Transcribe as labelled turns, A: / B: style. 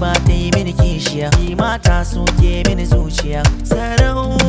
A: ba ta yi mini kishiya ki mata so ke mini zuciya sarau